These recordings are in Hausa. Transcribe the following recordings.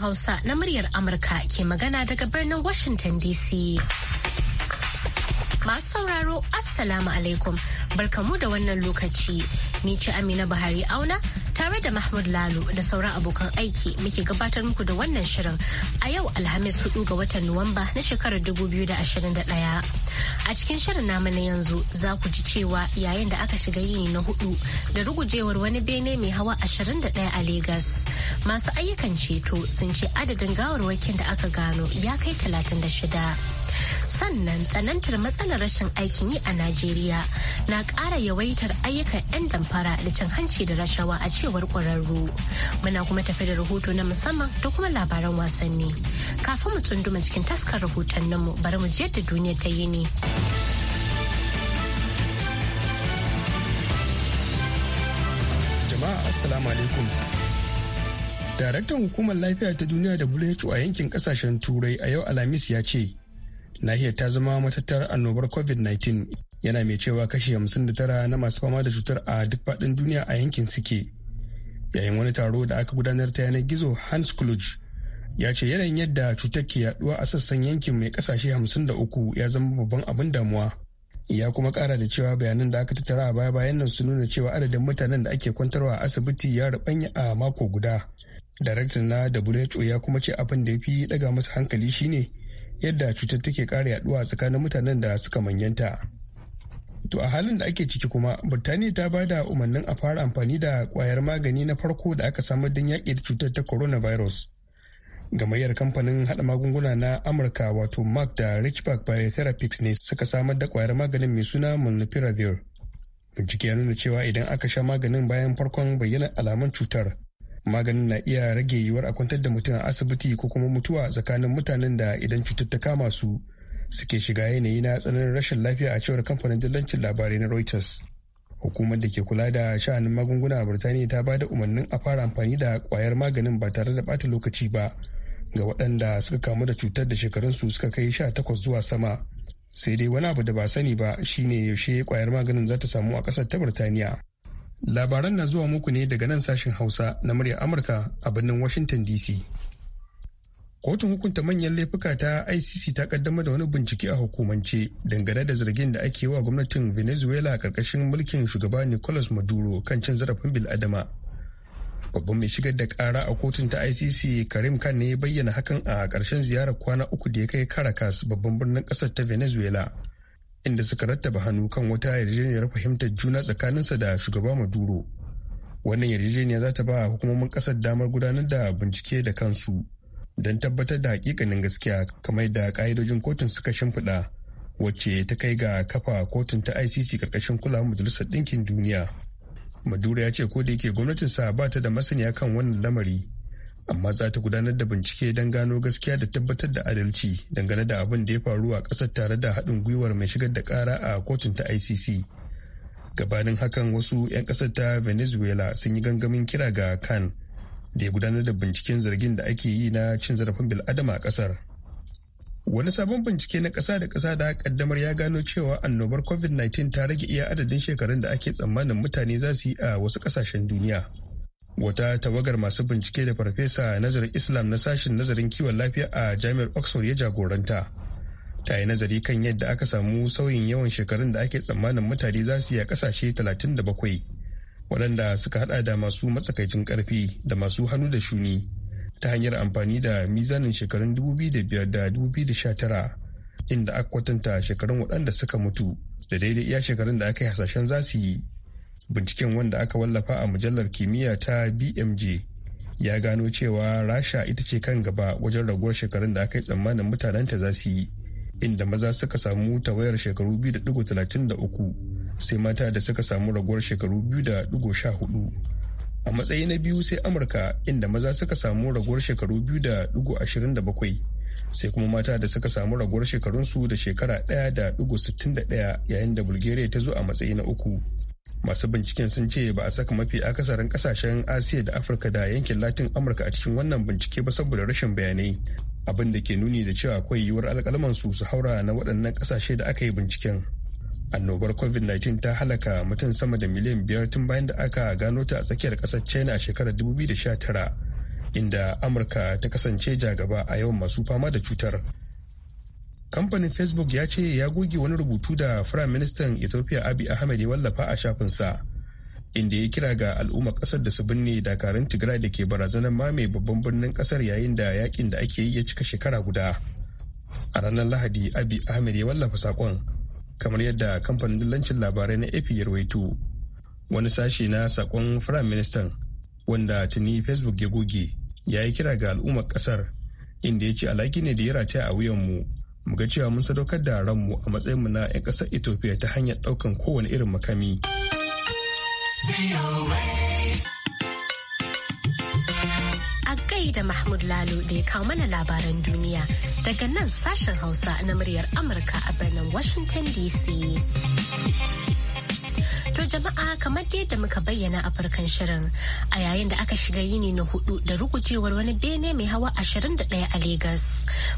Hausa na muryar Amurka ke magana daga birnin Washington DC. Masu sauraro, Assalamu alaikum, barkamu da wannan lokaci. ni ce Amina Buhari Auna tare da Mahmud lalu da sauran abokan aiki muke gabatar muku da wannan shirin a yau Alhamis hudu ga watan Nuwamba na shekarar 2021. A cikin shirin namu na yanzu za ku ji cewa yayin da aka shiga yini na hudu da rugujewar wani bene mai hawa 21 a Legas. Masu ayyukan ceto sun ce adadin gawarwakin da aka gano ya kai 36. sannan tsanantar matsalar rashin aikin yi a najeriya na ƙara yawaitar ayyukan 'yan damfara da cin hanci da rashawa a cewar ƙwararru muna kuma tafi da rahoto na musamman da kuma labaran wasanni kafin mu tsunduma cikin taskar rahotanninmu bari mu je da duniya ta yi ne. jama'a assalamu alaikum daraktan hukumar lafiya ta duniya da who a yankin kasashen turai a yau alhamis ya ce nahiyar ta zama matattar annobar covid-19 yana mai cewa kashi 59 na masu fama da cutar a duk faɗin duniya a yankin suke yayin wani taro da aka gudanar ta yanar gizo hans kluj ya ce yanayin yadda cutar ke yaduwa a sassan yankin mai kasashe 53 ya zama babban abin damuwa ya kuma kara da cewa bayanan da aka tattara a baya bayan nan su nuna cewa adadin mutanen da ake kwantarwa a asibiti ya rubanya a mako guda daraktan na who ya kuma ce abin da ya fi daga masa hankali shine yadda cutar take kare yaduwa tsakanin mutanen da suka manyanta to a halin da ake ciki kuma birtaniya ta ba da umarnin a fara amfani da kwayar magani na farko da aka samar don yaƙi da cutar ta coronavirus gamayyar kamfanin haɗa magunguna na amurka wato mark da richback biotherapeutics ne suka samar da kwayar maganin mai suna molnupiravir bincike ya nuna cewa idan aka sha maganin bayan farkon bayyana alamun cutar maganin na iya rage yiwuwar a kwantar da mutum a asibiti ko kuma mutuwa tsakanin mutanen da idan cutar ta kama su suke shiga yanayi na tsananin rashin lafiya a cewar kamfanin dillancin labarai na reuters hukumar da ke kula da sha'anin magunguna a birtaniya ta ba da umarnin a fara amfani da kwayar maganin ba tare da bata lokaci ba ga waɗanda suka kamu da cutar da shekarunsu suka kai sha takwas zuwa sama sai dai wani abu da ba sani ba shine yaushe kwayar maganin za ta samu a ƙasar ta birtaniya Labaran na zuwa muku ne daga nan sashen Hausa na murya Amurka a birnin Washington DC. Kotun hukunta manyan laifuka ta ICC ta kaddamar da wani bincike a hukumance dangane da zargin da ake wa gwamnatin Venezuela karkashin mulkin shugaba Nicolas Maduro kan cin zarafin bil'adama. Babban mai shigar da kara a kotun ta ICC Karim Khan ne bayyana hakan a karshen ziyarar kwana uku da ya kai Caracas babban birnin kasar ta Venezuela. inda suka rattaba hannu kan wata yarjejeniyar fahimtar juna tsakaninsa da shugaba maduro wannan yarjejeniya za ta ba hukumomin kasar damar gudanar da bincike da kansu don tabbatar da hakikanin gaskiya kamar da ka'idojin kotun suka shimfiɗa wacce ta kai ga kafa kotun ta icc karkashin kulawar majalisar ɗinkin duniya maduro ya ce ko da yake gwamnatinsa ba ta da masaniya kan wannan lamari amma za ta gudanar da bincike don gano gaskiya da tabbatar da adalci dangane da abin da ya faru a ƙasar tare da haɗin gwiwar mai shigar da ƙara a kotun ta icc gabanin hakan wasu 'yan ƙasar ta venezuela sun yi gangamin kira ga kan da ya gudanar da binciken zargin da ake yi na cin zarafin bil'adama a ƙasar wani sabon bincike na ƙasa da ƙasa da kaddamar ya gano cewa annobar covid-19 ta rage iya adadin shekarun da ake tsammanin mutane za su yi a wasu ƙasashen duniya wata tawagar masu bincike da farfesa nazarin islam na sashin nazarin kiwon lafiya a jami'ar oxford ya jagoranta ta yi nazari kan yadda aka samu sauyin yawan shekarun da ake tsammanin mutane za su yi a kasashe 37 waɗanda suka hada da masu matsakaicin ƙarfi da masu hannu da shuni ta hanyar amfani da mizanin shekarun 2005 da 2019 inda aka kwatanta shekarun waɗanda suka mutu da daidai iya shekarun da aka yi hasashen za su yi binciken wanda aka wallafa a mujallar kimiyya ta bmg ya gano cewa rasha ita ce kan gaba wajen raguwar shekarun da aka yi tsammanin mutanenta za su yi inda maza suka samu tawayar shekaru 2.33 sai mata da suka samu raguwar shekaru 2.14 a matsayi na biyu sai amurka inda maza suka samu raguwar shekaru 2.27 sai kuma mata da suka samu raguwar shekarunsu da shekara 1.61 yayin da bulgaria ta zo a matsayi na uku masu binciken sun ce ba a saka mafi akasarin kasashen asiya da afirka da yankin latin amurka a cikin wannan bincike ba saboda rashin bayanai abin da ke nuni da cewa akwai yiwuwar alkalaman su su haura na waɗannan kasashe da aka yi binciken annobar covid-19 ta halaka mutum sama da miliyan biyar tun bayan da aka gano ta a tsakiyar ƙasar china a shekarar 2019 inda amurka ta kasance jagaba a yawan masu fama da cutar kamfanin facebook ya ce ya goge wani rubutu da firayim ministan ethiopia abi ahmed ya wallafa a shafinsa inda ya kira ga al'umma kasar da su binne dakarun tigray da ke barazanar mame babban birnin kasar yayin da yakin da ake yi ya cika shekara guda a ranar lahadi abi ahmed ya wallafa sakon kamar yadda kamfanin dillancin labarai na ap ya rawaito wani sashe na sakon firayim ministan wanda tuni facebook ya goge ya yi kira ga al'umma kasar inda ya ce alaki ne da ya rataya a wuyanmu mu ga cewa mun sadaukar da ranmu a matsayin mu na 'yan ƙasar Ethiopia ta hanyar ɗaukan kowane irin makami. A gaida Mahmud Lalo da ya kawo mana labaran duniya daga nan sashen Hausa na muryar Amurka a birnin Washington DC. jama'a kamar yadda muka bayyana a farkon shirin a yayin da aka shiga yini na hudu da rugujewar wani bene mai hawa 21 a Legas.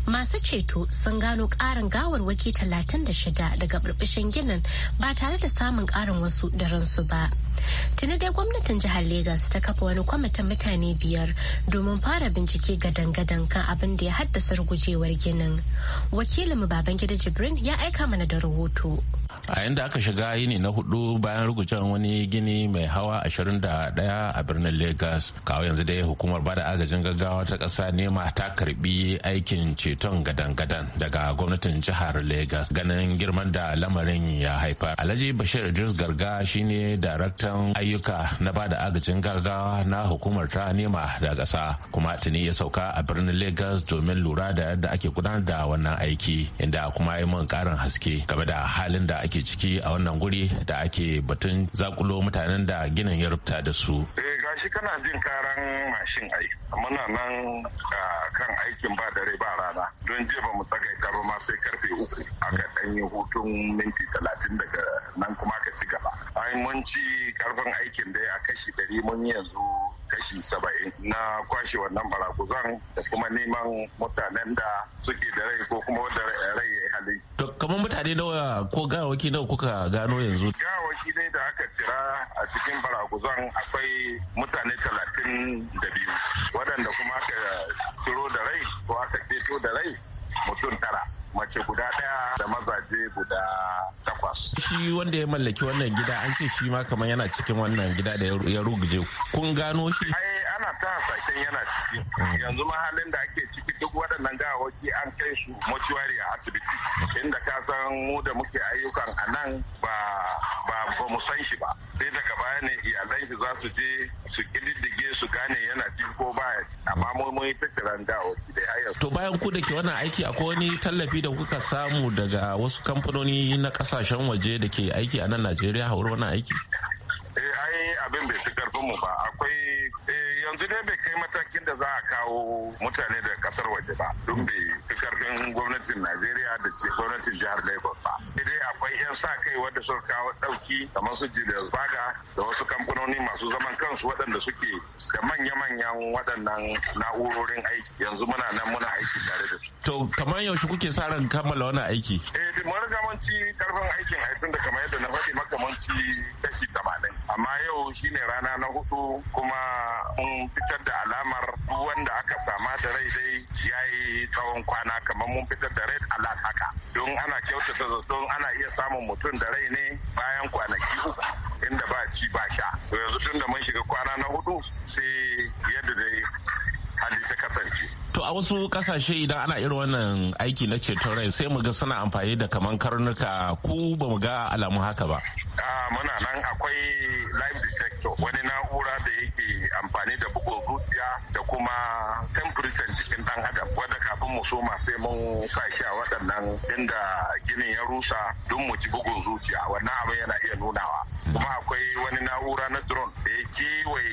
Masu ceto sun gano karin gawarwaki 36 daga burbushin ginin ba tare da samun karin wasu da ransu ba. Tuni dai gwamnatin jihar Legas ta kafa wani kwamitin mutane biyar domin fara bincike gadan-gadan kan abin da ya haddasa rugujewar ginin. Wakilinmu baban Babangida Jibrin ya aika mana da rahoto. a yanda aka shiga yini na hudu bayan rugujen wani gini mai hawa 21 a birnin lagos kawo yanzu dai hukumar bada agajin gaggawa ta kasa nema ta karbi aikin ceton gadan-gadan daga gwamnatin jihar lagos ganin girman da lamarin ya haifar alhaji bashir idris garga shine daraktan ayyuka na bada agajin gaggawa na hukumar ta nema da kasa kuma tuni ya sauka a birnin lagos domin lura da yadda ake gudanar da wannan aiki inda kuma yi mun karin haske game da halin da ake ake ciki a wannan guri da ake batun zakulo mutanen da ginin ya rubuta da su eh, gashi kana jin karan mashin ai muna nan kan aikin ba dare ba rana don jiya ba mu tsagaita ba ma sai karfe uku aka dan yi hutun minti talatin daga nan kuma aka ci gaba ai mun ci karfin aikin da a kashi dari mun yanzu kashi saba'in na kwashe wannan barakuzan da kuma neman mutanen da suke da rai ko kuma wanda mutane nawa ko gawaki nawa kuka gano yanzu gawaki dai da aka cira a cikin baraguzan akwai mutane talatin da biyu waɗanda kuma aka ciro da rai ko aka ceto da rai mutum tara mace guda daya da mazaje guda takwas. Shi wanda ya mallaki wannan gida an ce shi ma kamar yana cikin wannan gida da ya ruguje kun gano shi? can yana ciki yanzu ma halin da ake ciki duk waɗannan gawaki an kai su mortuary a asibiti inda ka san mu da muke ayyukan a nan ba ba mu san shi ba sai daga baya ne iyalan shi za su je su kididdige su gane yana ciki ko baya amma mu mun yi tattaran gawaki da ayyuka to bayan ku da ke wannan aiki akwai wani tallafi da kuka samu daga wasu kamfanoni na kasashen waje da ke aiki a nan Najeriya hauro wannan aiki eh ai abin bai fi karfin mu ba akwai eh yanzu dai bai kai matakin da za a kawo mutane da kasar waje ba don bai fi karfin gwamnatin najeriya da ke gwamnatin jihar lagos ba dai akwai yan sa kai wanda suka kawo dauki kamar su julius baga da wasu kamfanoni masu zaman kansu waɗanda suke da manya-manyan waɗannan na'urorin aiki yanzu muna nan muna aiki tare da su to kamar yaushe kuke sa ran kammala wani aiki eh mun gamanci karfin aikin haifin da kamar yadda na faɗi makamanci kashi tamanin amma yau shine rana na hudu kuma mun fitar da alamar ruwan da aka sama da rai dai ya yi tsawon kwana kamar mun fitar da rai alat haka don ana kyautata zaton ana iya samun mutum da rai ne bayan kwanaki uku inda ba ci ba sha yanzu tun da mun shiga kwana na hudu sai yadda dai hali ta kasance. To a wasu kasashe idan ana irin wannan aiki na ceton rai sai mu ga suna amfani da kamar karnuka ku ba mu ga alamun haka ba. muna nan akwai live detector wani na'ura da yake amfani da bugun zuciya da kuma temperature cikin dan adam wadda kafin mu soma sai mun sa shi a waɗannan inda ginin ya rusa don mu ci bugun zuciya wannan abin yana iya nunawa kuma akwai wani na'ura na drone da ya kewaye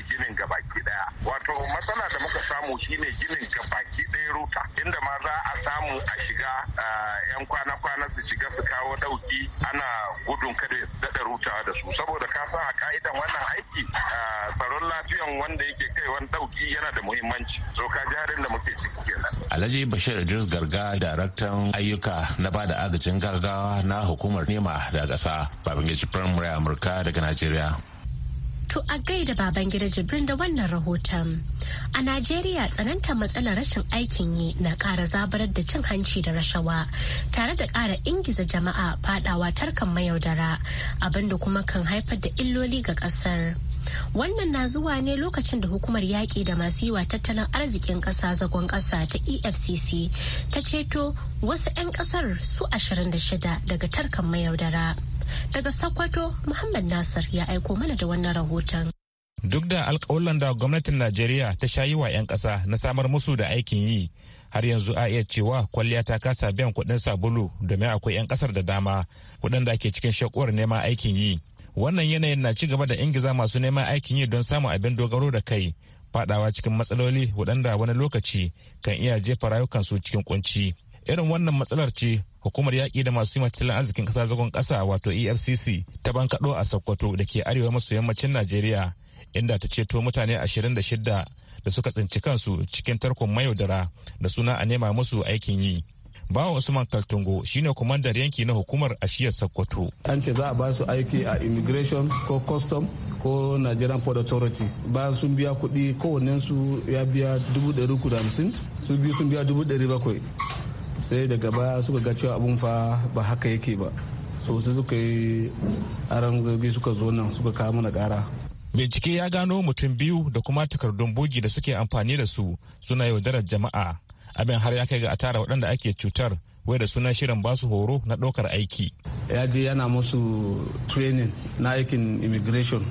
samu ne ginin baki ɗaya ruta inda ma za a samu a shiga yan kwana-kwana su shiga su kawo ɗauki ana gudun kada daɗa ruta da su saboda ka sa a ka'idan wannan aiki tsaron lafiyan wanda yake kai wani ɗauki yana da muhimmanci so ka jarin da muke ciki kenan. Alhaji Bashir Idris Garga daraktan ayyuka na bada agajin gaggawa na hukumar nema da ƙasa Babangiji Firamare Amurka daga Najeriya. To a gaida Babangida gida jibrin da wannan rahoton. A Najeriya tsananta matsalar rashin aikin yi na ƙara zabarar da cin hanci da rashawa tare da ƙara ingiza jama'a fadawa tarkan mayaudara abinda kuma kan haifar da illoli ga ƙasar. Wannan na zuwa ne lokacin da hukumar yaƙi da masu yiwa tattalin arzikin ƙasa zagon ƙasa ta EFCC ta ceto wasu 'yan ƙasar su 26 daga tarkan mayaudara. daga Sokoto Muhammad Nasir ya aiko mana da wannan rahoton. Duk da alkawalan da gwamnatin Najeriya ta sha yi wa 'yan ƙasa na samar musu da aikin yi, har yanzu a iya cewa kwalliya ta kasa biyan kuɗin sabulu domin akwai 'yan ƙasar da dama waɗanda ke cikin shakuwar neman aikin yi. Wannan yanayin na ci gaba da ingiza masu neman aikin yi don samun abin dogaro da kai, faɗawa cikin matsaloli waɗanda wani lokaci kan iya jefa rayukansu cikin ƙunci. irin wannan matsalar ce hukumar yaƙi da masu yi tattalin arzikin ƙasa zagon ƙasa wato efcc ta bankaɗo a sokoto da ke arewa maso yammacin najeriya inda ta ceto mutane 26 da suka tsinci kansu cikin tarkon mayaudara da suna a nema musu aikin yi bawa usman kaltungo shine kwamandar yanki na hukumar ashiyar sokoto an ce za a ba su aiki a immigration ko custom ko nigerian port authority bayan sun biya kuɗi kowannensu ya biya dubu su biyu sun biya dubu sai daga baya suka ga cewa abun fa ba haka yake ba so sai suka yi aran zobe suka zo nan suka kawo mana kara bincike ya gano mutum biyu da kuma takardun bogi da suke amfani da su suna yaudarar jama'a abin har ya kai ga atara tara waɗanda ake cutar wai da sunan shirin basu horo na ɗaukar aiki ya je yana musu training na aikin immigration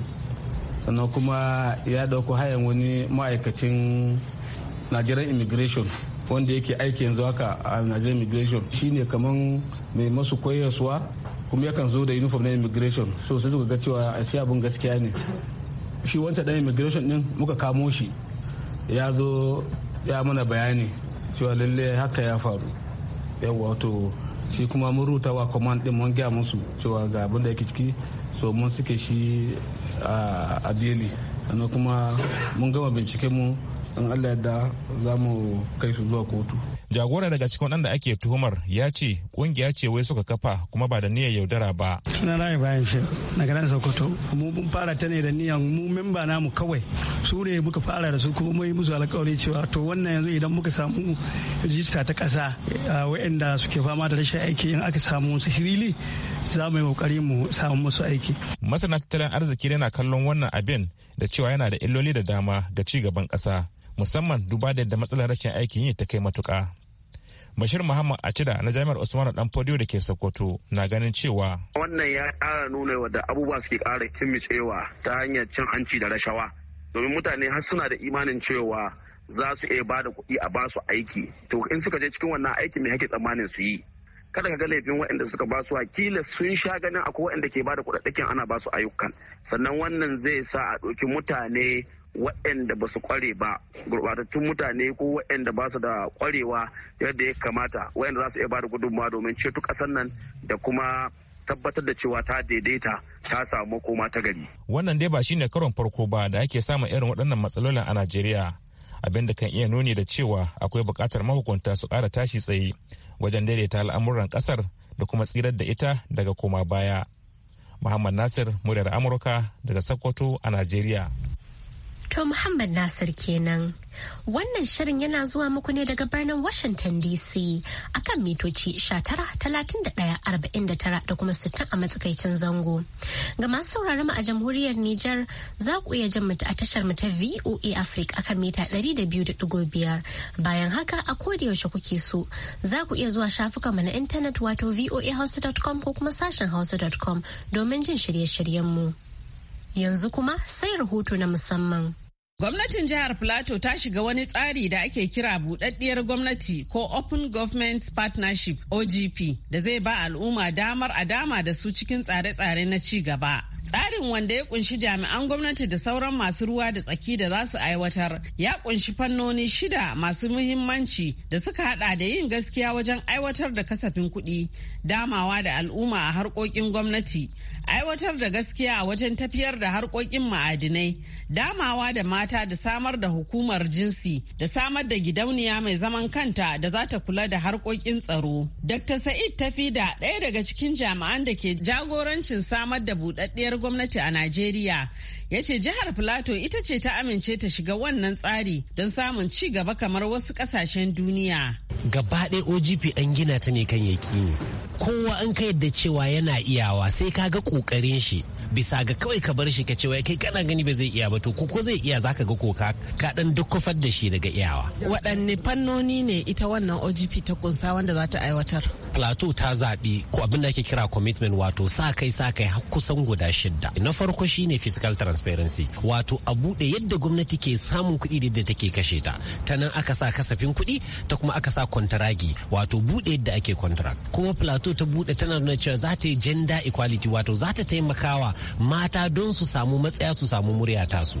sannan kuma ya ɗauko hayan wani ma'aikacin nigerian immigration wanda yake aiki yanzu haka a Nigerian Immigration shine kaman mai masu koyarwa kuma yakan zo da uniform na immigration so sai suka ga cewa a shi abin gaskiya ne shi wancan dan immigration din muka kamo shi ya zo ya mana bayani cewa lalle haka ya faru yawa shi kuma mun rubuta wa command din mun gaya musu cewa ga abin da yake ciki so mun suke shi a beli sannan kuma mun gama binciken mu in allah yadda za mu kai su zuwa kotu jagora daga cikin waɗanda ake tuhumar ya ce ƙungiya ce wai suka kafa kuma ba da niyyar yaudara ba sunana ibrahim Shehu na garin sokoto mu mun fara ta ne da niyyar mu memba namu kawai su ne muka fara da su kuma mun yi musu alkawari cewa to wannan yanzu idan muka samu rijista ta ƙasa waɗanda suke fama da rashin aiki in aka samu su hirili za mu yi kokari mu samu musu aiki masana tattalin arziki yana kallon wannan abin da cewa yana da illoli da dama ga ci gaban ƙasa musamman duba da matsalar rashin aikin yi ta kai matuka. Bashir Muhammad Acida na Jami'ar Usmanu Dan Fodiyo da ke Sokoto na ganin cewa wannan ya ƙara nuna wadda abubuwa suke ƙara kimmitsewa ta hanyar cin hanci da rashawa domin mutane har suna da imanin cewa za su iya ba da kuɗi a ba su aiki to in suka je cikin wannan aiki mai hake tsammanin su yi kada ka ga laifin waɗanda suka ba su kila sun sha ganin akwai waɗanda ke ba da kuɗaɗɗakin ana ba su ayyukan sannan wannan zai sa a ɗauki mutane waɗanda ba su kware ba gurbatattun mutane ko waɗanda ba su da kwarewa yadda ya kamata waɗanda za su iya ba da gudunmawa domin ceto ƙasar nan da kuma tabbatar da cewa ta daidaita ta samu koma ta gari. Wannan dai ba shine karon farko ba da ake samun irin waɗannan matsalolin a Najeriya. Abin da kan iya nuni da cewa akwai buƙatar mahukunta su ƙara tashi tsaye wajen daidaita al'amuran ƙasar da kuma tsirar da ita daga koma baya. Muhammad Nasir, muryar Amurka daga Sokoto a Najeriya. To Muhammad Nasir kenan. Wannan shirin yana zuwa muku ne daga birnin Washington DC akan mitoci talatin da kuma 60 a matsakaicin zango. Ga masu sauraron mu a jamhuriyar Nijar za ku iya jin mutu a tashar mu ta VOA Africa akan mita 200.5. Bayan haka a koda yaushe kuke so za ku iya zuwa shafukan mu na intanet wato voahouse.com ko kuma sashen hausa.com domin jin shirye-shiryen mu. Yanzu kuma sai rahoto na musamman. Gwamnatin jihar Plateau ta shiga wani tsari da ake kira Buɗaɗɗiyar gwamnati ko Open Government Partnership OGP da zai ba al'umma damar a dama da su cikin tsare-tsare na ci gaba. Tsarin wanda ya kunshi jami'an gwamnati da sauran masu ruwa da tsaki da za su aiwatar ya kunshi fannoni shida masu muhimmanci da suka hada da yin gaskiya wajen aiwatar da kasafin kuɗi, damawa da al'umma a harkokin gwamnati, aiwatar da gaskiya a wajen tafiyar da harkokin ma'adinai damawa da mata da samar da hukumar jinsi da samar da gidauniya mai zaman kanta da za ta kula da harkokin tsaro dr sa'id tafida ɗaya daga cikin jami'an da ke jagorancin samar da buɗaɗɗiyar gwamnati a najeriya ya ce jihar plateau ita ce ta amince ta shiga wannan tsari don samun ci gaba kamar wasu ƙasashen duniya gaba ɗaya ogp an gina ta ne kan yaƙini kowa an ka yadda cewa yana iyawa sai ka ga ƙoƙarin shi bisa ga kawai ka bar shi ka ce wai kai kana gani ba zai iya ba to ko zai iya zaka ga ko ka dan dukkufar da shi daga iyawa waɗanne fannoni ne ita wannan OGP ta kunsa wanda za ta aiwatar plateau ta zaɓi ko abin da ake kira commitment wato sa kai sa kai har kusan guda shidda na farko shine fiscal transparency wato a bude yadda gwamnati ke samun kuɗi da take kashe ta ta nan aka sa kasafin kuɗi ta kuma aka sa kwantaragi wato bude yadda ake contract kuma plateau ta bude tana nuna cewa za ta yi gender equality wato za ta taimakawa mata don su samu matsaya su samu murya ta su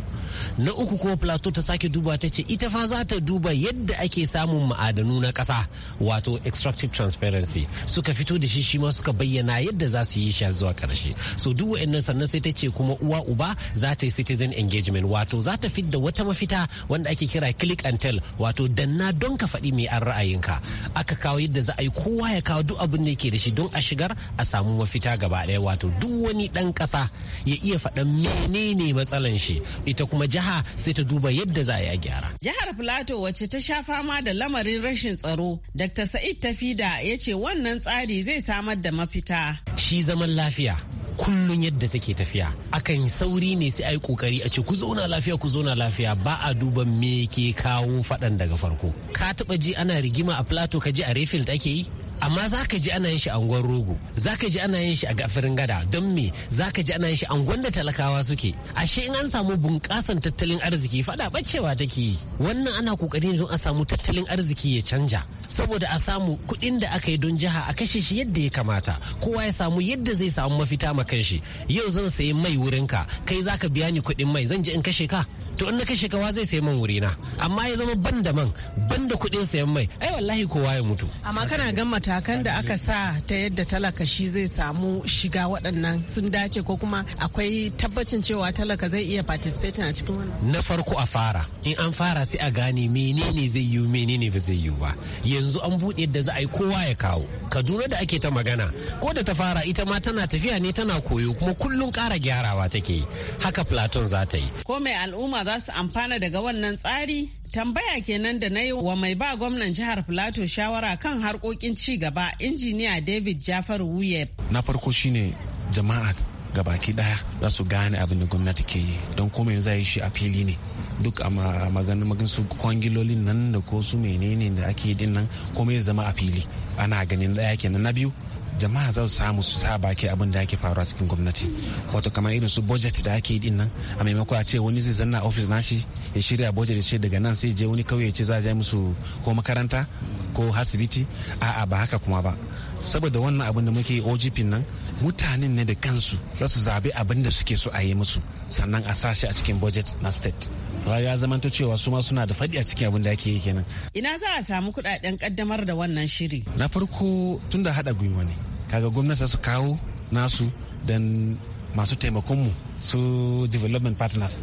na uku kuma plateau ta sake duba ta ce ita fa za ta duba yadda ake samun ma'adanu na ƙasa wato extractive transparency suka fito da shi shi ma suka bayyana yadda za su yi shi zuwa ƙarshe so duk wa'annan sannan sai ta ce kuma uwa uba za ta yi citizen engagement wato za ta fidda wata mafita wanda ake kira click and tell wato danna don ka faɗi mai an ra'ayinka aka kawo yadda za a yi kowa ya kawo duk abin da yake da shi don a shigar a samu mafita gaba ɗaya wato duk wani ɗan ƙasa ya iya faɗan menene matsalan shi ita kuma jiha sai ta duba yadda za a gyara. Jihar Filato wacce ta sha fama da lamarin rashin tsaro, Dr. Sa'id Tafida ya ce wannan tsari zai samar da mafita. Shi zaman lafiya kullum yadda take tafiya akan sauri ne sai ai kokari a ce ku zauna lafiya ku zauna lafiya ba a duba me ke kawo faɗan daga farko ka taɓa ji ana rigima a plateau ka ji a refill ake yi amma za ka ji ana yin shi a unguwar rogo za ka ji ana yin shi a gafirin gada don me za ka ji ana yin shi a unguwar da talakawa suke ashe in an samu bunƙasan tattalin arziki fada bacewa take yi wannan ana kokari don a samu tattalin arziki ya canja saboda a samu kuɗin da aka yi don jiha a kashe shi yadda ya kamata kowa ya samu yadda zai samu mafita ma kanshi yau zan sayi mai wurinka kai za ka biya ni kuɗin mai zan je in kashe ka to in na kashe kawa zai sayi man wuri na amma ya zama ban da man ban da kuɗin sayan mai ai wallahi kowa ya mutu amma kana gan matakan da aka sa ta yadda talaka shi zai samu shiga waɗannan sun dace ko kuma akwai tabbacin cewa talaka zai iya participating a cikin wannan na farko a fara in an fara sai a gane menene zai yiwu menene ba zai yiwu ba yanzu an buɗe yadda za a yi kowa ya kawo kaduna da ake ta magana ko da ta fara ita ma tana tafiya ne tana koyo kuma kullum ƙara gyarawa take yi haka platon za ta yi ko mai al'umma za su amfana daga wannan tsari? Tambaya kenan da na yi wa mai ba gwamnan jihar Filato shawara kan harkokin ci gaba injiniya David Jafar Wuyeb. Na farko shine jama'a gabaki daya za su gane abin da gwamnati ke yi don kome yanzu yi shi a fili ne duk a maganin su kwangilolin nan da ko su menene da ake yi din nan kome ya zama a fili ana ganin daya kenan na biyu jama'a za su samu su sa baki abin da ake faruwa cikin gwamnati wato kamar irin su budget da ake yi din nan a maimako a ce wani zai zanna ofis nashi ya shirya budget ya ce daga nan sai je wani kauye ya ce za a je musu ko makaranta ko asibiti a'a ba haka kuma ba saboda wannan abin da muke ogp nan mutanen ne da kansu za su zabi abin da suke so a yi musu sannan a sashi a cikin budget na state ya zamanta cewa su ma suna da faɗi a cikin abin da ake yi kenan ina za a samu kuɗaɗen kaddamar da wannan shiri na farko tun da haɗa gwiwa ne kaga gwamnati su kawo nasu dan masu taimakonmu su development partners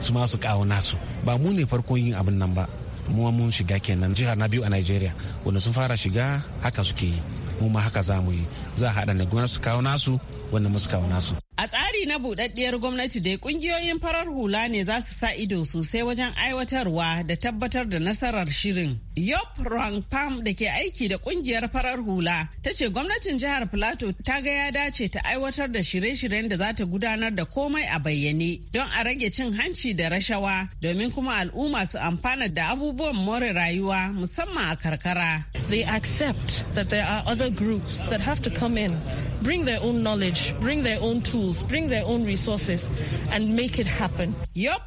su ma su kawo nasu ba mu ne farko yin abin nan ba mu mun shiga kenan jihar na biyu a nigeria wanda sun fara shiga haka suke yi mu ma haka za mu yi za a haɗa ne gwamnati su kawo nasu wanda mu kawo nasu a tsari na buɗaɗɗiyar gwamnati dai ƙungiyoyin farar hula ne za su sa ido sosai wajen aiwatarwa da tabbatar da nasarar shirin. Yop Pam da ke aiki da ƙungiyar farar hula ta ce gwamnatin jihar Plateau ta ga ya dace ta aiwatar da shirye-shiryen da za ta gudanar da komai a bayyane don a rage cin hanci da rashawa domin kuma al'umma su amfana da abubuwan more rayuwa musamman a karkara. They accept that there are other groups that have to come in, bring their own knowledge, bring their own tools, bring bring their own resources and make it happen.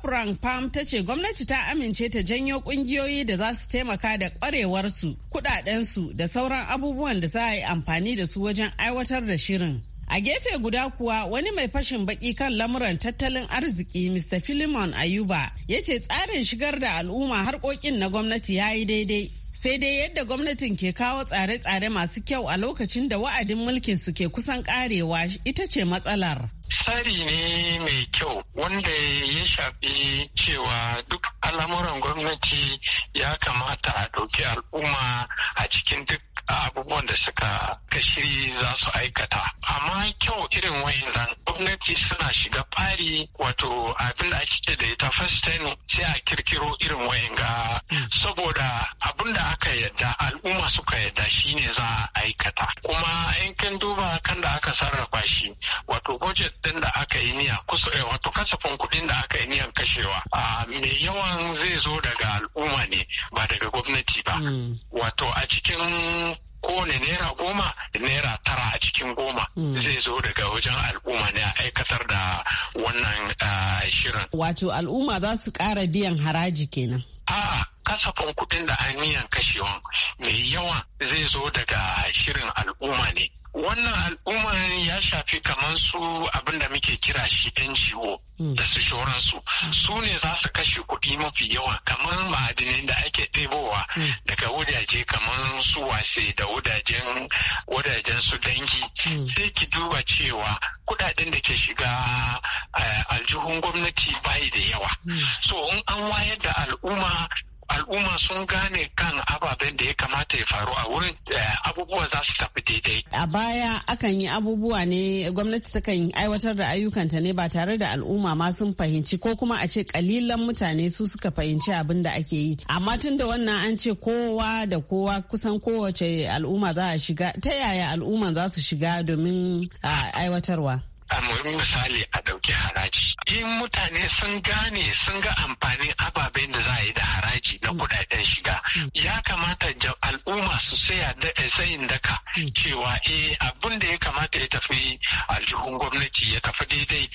Rang Pam ta ce gwamnati ta amince ta janyo kungiyoyi da za su taimaka da kwarewarsu, kudadensu da sauran abubuwan da za a yi amfani da su wajen aiwatar da shirin. A gefe guda kuwa wani mai fashin baki kan lamuran tattalin arziki Mr. Philemon Ayuba ya ce tsarin shigar da al'umma harkokin na gwamnati ya yi daidai. Sai dai yadda gwamnatin ke kawo tsare-tsare masu kyau a lokacin da wa'adin mulkin su ke kusan karewa ita ce matsalar. tsari ne mai kyau wanda ya shafi cewa duk al'amuran gwamnati ya kamata a ɗauki al'umma a cikin duk abubuwan da suka kashiri za su aikata amma kyau irin wayannan gwamnati suna shiga fari wato abin da ake da ita first sai a kirkiro irin wayanga saboda abin da aka yadda al'umma suka yadda shine za a aikata kuma in kan duba kan da aka sarrafa shi wato budget din da aka yi niyya kusa eh, wato kasafin kuɗin da aka yi niyan kashewa mai yawan zai zo daga al'umma ne ba daga gwamnati ba hmm. wato a cikin kowane naira goma naira tara a cikin goma hmm. zai zo daga wajen al'umma ne a aikatar da wannan ah, shirin. Wato al'umma za su ƙara biyan haraji kenan. A'a kasafin kuɗin da aniyan kashewan mai yawa zai zo daga shirin al'umma ne wannan al'ummar ya shafi kamar su abinda muke kira shi NGO hmm. da su shoransu su ne za su kashe kuɗi mafi yawa kamar ma'adinai da ake ɗebowa hmm. daga wajaje kamar su wase da wajajen wajajen su dangi hmm. sai ki duba cewa kuɗaɗen da ke shiga eh, aljihun gwamnati bayi da yawa so in an wayar da al'umma al'umma sun gane kan ababen da ya kamata ya faru a wurin eh, abubuwa za su tafi daidai. A baya akan yi abubuwa ne gwamnati takan aiwatar da ayyukanta ne ba tare da al'umma ma sun fahimci ko kuma a ce kalilan mutane su suka fahimci abin da ake yi. Amma tun da wannan an ce kowa da kowa kusan kowace al'umma za a shiga ta yaya al'umma za su shiga domin ah, aiwatarwa. a misali a ɗauki haraji in mutane sun gane sun ga amfanin ababen da za a yi da haraji na kuɗaɗen shiga ya kamata al'umma su saya da eh, daka cewa eh abin da ya kamata ya tafi aljihun gwamnati ya tafi daidai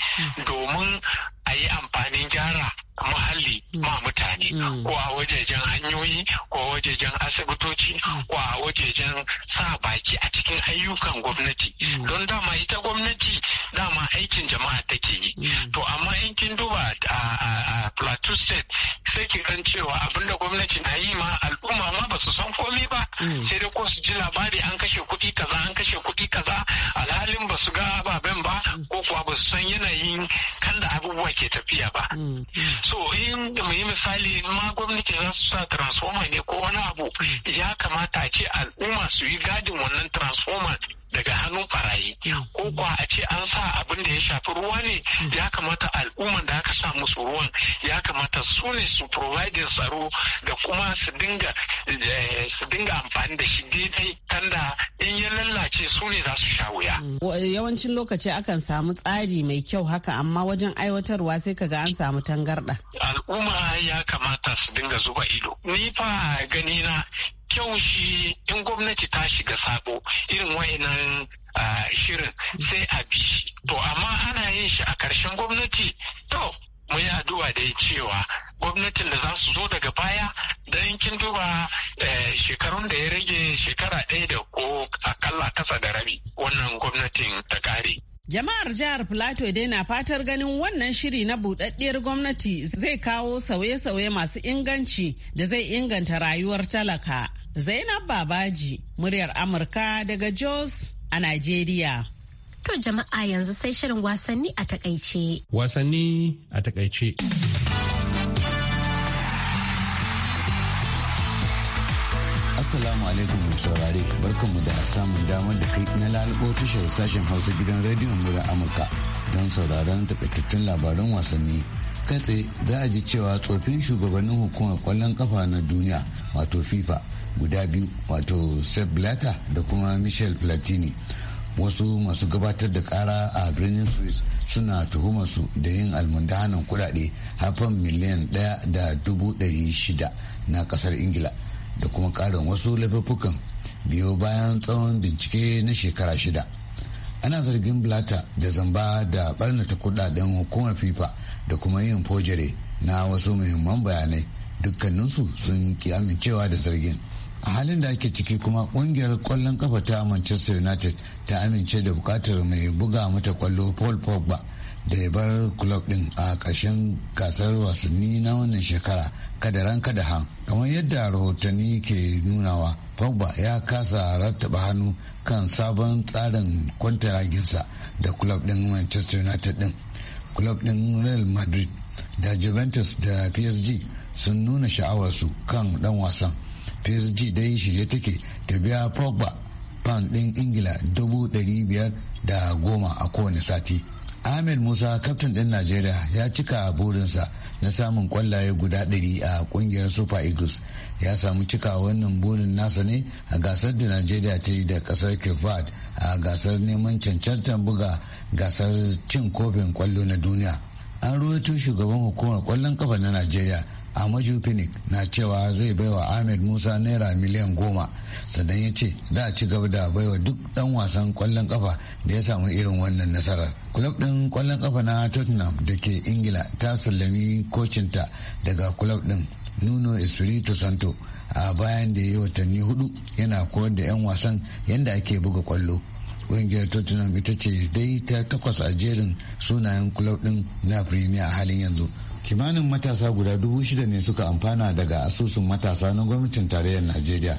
domin a yi amfanin gyara muhalli ma mm. mutane mm. ko a wajejen hanyoyi ko wajejen asibitoci mm. ko a wajejen sa baki a cikin ayyukan gwamnati don dama ita gwamnati dama aikin jama'a take yi to amma in kin duba a plateau state sai ki gan cewa abinda gwamnati na yi ma al'umma ma ba su san komi ba sai dai ko su ji labari an kashe kuɗi kaza an kashe kuɗi kaza alhalin ba su ga ababen ba ko kuwa ba su san yanayin kan da abubuwan ke tafiya ba. Mm. So in mu yi misali ma gwamnati za su sa transformer ne ko wani abu ya kamata a ce al'umma su yi gadin wannan transformer daga hannun barayi mm. ko kuwa a ce an sa abin da ya shafi ruwa ne mm. ya kamata al'umman da aka sa musu ruwan ya kamata su ne su provide tsaro da kuma su dinga eh, su dinga amfani da shi daidai tanda in ya lallace su ne za su sha wuya. Mm. Yawancin lokaci akan samu tsari mai kyau haka amma wajen aiwatarwa sai kaga an samu tangarɗa. Al'umma ya kamata su dinga zuba ido. Ni fa gani na kyau shi in gwamnati ta shiga sabo irin wa'inan shirin sai a bi shi to amma ana yin shi a ƙarshen gwamnati to mu yi addu'a da cewa gwamnatin da za su zo daga baya don kin duba eh, shekarun da ya rage shekara ɗaya da ko akalla kasa da rabi wannan gwamnatin ta ƙare Jama'ar jihar plateau dai na fatar ganin wannan shiri na buɗaɗɗiyar gwamnati zai kawo sauye-sauye masu inganci da zai inganta rayuwar talaka. Zainab Babaji, muryar Amurka daga Jos a Najeriya. To jama'a yanzu sai shirin wasanni a takaice. Wasanni a takaice. Assalamu alaikum mai saurare barkanmu da samun damar da kai na lalubo tashar sashen Hausa gidan rediyon murar Amurka don sauraron takaitattun labaran wasanni. Kai tsaye za a ji cewa tsofin shugabannin hukumar kwallon kafa na duniya wato FIFA guda biyu wato Sepp Blatter da kuma Michel Platini. Wasu masu gabatar da kara a birnin Swiss suna tuhumar su da yin almundahanan kudade harfan miliyan ɗaya da dubu ɗari shida na ƙasar Ingila. da kuma karin wasu laifuffukan biyo bayan tsawon bincike na shekara shida ana zargin blatter da zamba da barnata kudaden hukumar fifa da kuma yin fojere na wasu muhimman bayanai dukkaninsu sun ki amincewa da zargin a halin da ake ciki kuma kungiyar kwallon kafa ta manchester united ta amince da bukatar mai buga mata kwallo paul pogba da ya bar kulob din a ƙarshen gasar wasanni na wannan shekara kada ranka da han kamar yadda rahotanni ke nunawa pogba ya kasa rattaba hannu kan sabon tsarin kwantaraginsa da club din manchester united din club din real madrid da juventus da psg sun nuna sha'awarsu kan dan wasan psg dai shirye take ta biya pogba pound din ingila dubu ɗari biyar da goma a kowane sati ahmed musa kaftin ɗin najeriya ya cika burinsa na samun kwallaye guda ɗari a ƙungiyar super eagles ya samu cika wannan burin nasa ne a gasar da najeriya ta yi da ƙasar kevad a gasar neman cancantar buga gasar cin kofin kwallo na duniya an ruwaito shugaban hukumar kwallon kafa na najeriya amaju finik na cewa zai baiwa ahmed musa naira miliyan goma sannan ya ce za a ci gaba da baiwa duk dan wasan kwallon kafa da ya samu irin wannan nasarar kulab ɗin kwallon kafa na tottenham da ke ingila ta sallami kocinta daga kulab ɗin nuno espirito santo a bayan da ya yi watanni hudu yana koyar da 'yan wasan yadda ake buga kwallo ƙungiyar tottenham ita ce dai ta takwas a jerin sunayen kulob ɗin na premier a halin yanzu kimanin matasa guda dubu shida ne suka amfana daga asusun matasa na gwamnatin tarayyar najeriya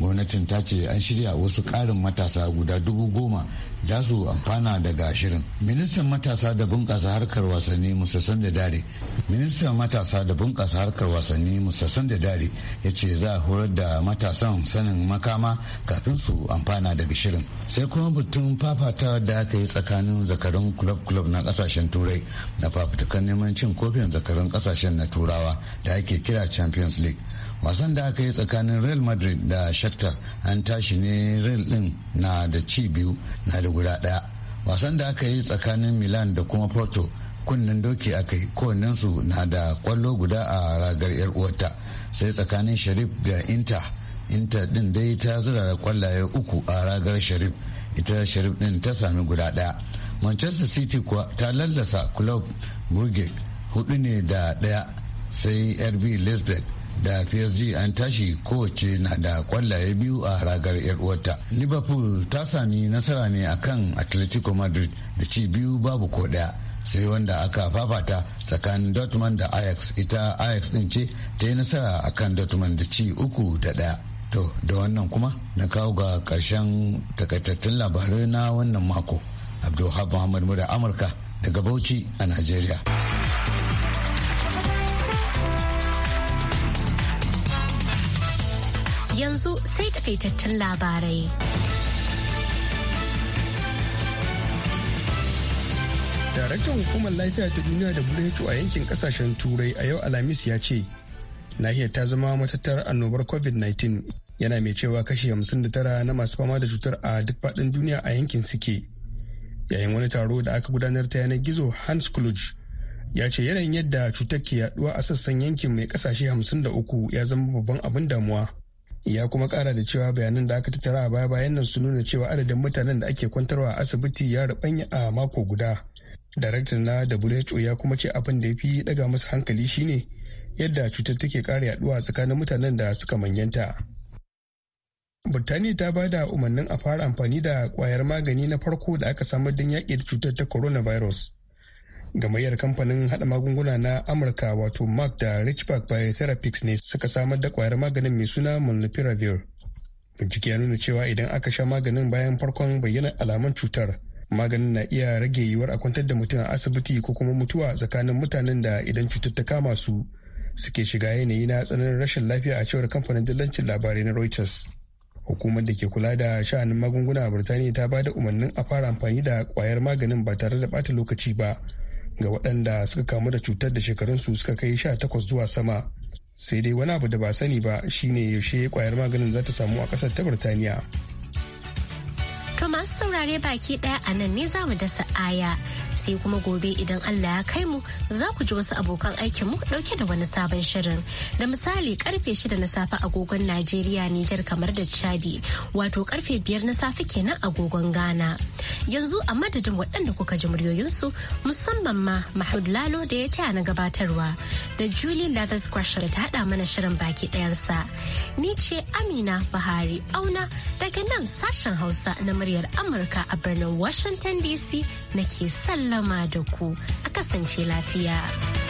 gwamnatin ta ce an shirya wasu ƙarin matasa guda dubu goma za su amfana daga shirin ministan matasa da bunƙasa harkar wasanni musassan da dare ministan matasa da bunƙasa harkar wasanni musassan da dare ya ce za a horar da matasan sanin makama kafin su amfana daga shirin sai kuma batun fafata da aka yi tsakanin zakarun club club na kasashen turai da fafutukan neman cin kofin zakarun kasashen na turawa da ake kira champions league wasan da aka yi tsakanin real madrid da shakhtar an tashi ne real din na da ci biyu na da guda ɗaya wasan da aka yi tsakanin milan da kuma porto kunnen doki aka yi kowannensu na da kwallo guda a ragar yar uwarta sai tsakanin sharif da inter inter din dai ta zura da kwallaye uku a ragar sharif ita sharif din ta sami guda daya manchester city kuwa ta lallasa club brugge hudu ne da daya sai rb lesbeth da psg an tashi kowace na da kwallaye biyu a ragar yar uwarta liverpool ta sami nasara ne akan atletico madrid da ci biyu babu ko daya sai wanda aka fafata tsakanin dortmund da ajax ita ajax din ce ta yi nasara akan dortmund da ci uku da daya to da wannan kuma na kawo ga karshen takaitattun labarai na wannan mako abdulhab muhammad mura amurka daga bauchi a nigeria yanzu sai takaitattun labarai. Daraktan hukumar lafiya ta duniya da WHO a yankin kasashen turai a yau Alhamis ya ce, nahiyar ta zama matattar annobar COVID-19 yana mai cewa kashi 59 na masu fama da cutar a duk faɗin duniya a yankin suke. Yayin wani taro da aka gudanar ta yanar gizo Hans Kluge ya ce yanayin yadda cutar ke yaduwa a sassan yankin mai kasashe 53 ya zama babban abin damuwa ya kuma kara da cewa bayanan da aka tattara a baya bayan nan sun nuna cewa adadin mutanen da ake kwantarwa a asibiti ya rabanya a mako guda daraktan na who ya kuma ce abin da ya fi daga masu hankali shine yadda cutar take kara yaduwa tsakanin mutanen da suka manyanta Birtaniya ta ba da umarnin a fara amfani da kwayar magani na farko da aka samar don yaƙi da cutar ta coronavirus gamayyar kamfanin hada magunguna na amurka wato mark da richback biotherapics ne suka samar da kwayar maganin mai suna molnupiravir bincike ya nuna cewa idan aka sha maganin bayan farkon bayyana alaman cutar maganin na iya rage yiwuwar a kwantar da mutum a asibiti ko kuma mutuwa tsakanin mutanen da idan cutar ta kama su suke shiga yanayi na tsananin rashin lafiya a cewar kamfanin dillancin labarai na reuters hukumar da ke kula da sha'anin magunguna a birtaniya ta ba da umarnin a fara amfani da kwayar maganin ba tare da bata lokaci ba ga waɗanda suka kamu da cutar da shekarunsu suka kai sha takwas zuwa sama sai dai wani abu da ba sani ba shine yaushe kwayar maganin za ta samu a ƙasar ta birtaniya to masu saurare baki ɗaya a nan ne za mu dasa aya sai kuma gobe idan Allah ya kai mu za ku ji wasu abokan aikin mu dauke da wani sabon shirin da misali karfe shida na safe agogon Najeriya Nijar kamar da Chadi wato karfe biyar na safe kenan agogon Ghana yanzu a madadin waɗanda kuka ji muryoyinsu musamman ma Mahmud Lalo da ya taya na gabatarwa da Julie Lathers Crusher da ta haɗa mana shirin baki ɗayansa ni ce Amina Bahari Auna daga nan sashen Hausa na muryar Amurka a birnin Washington DC nake sallama da ku a kasance lafiya.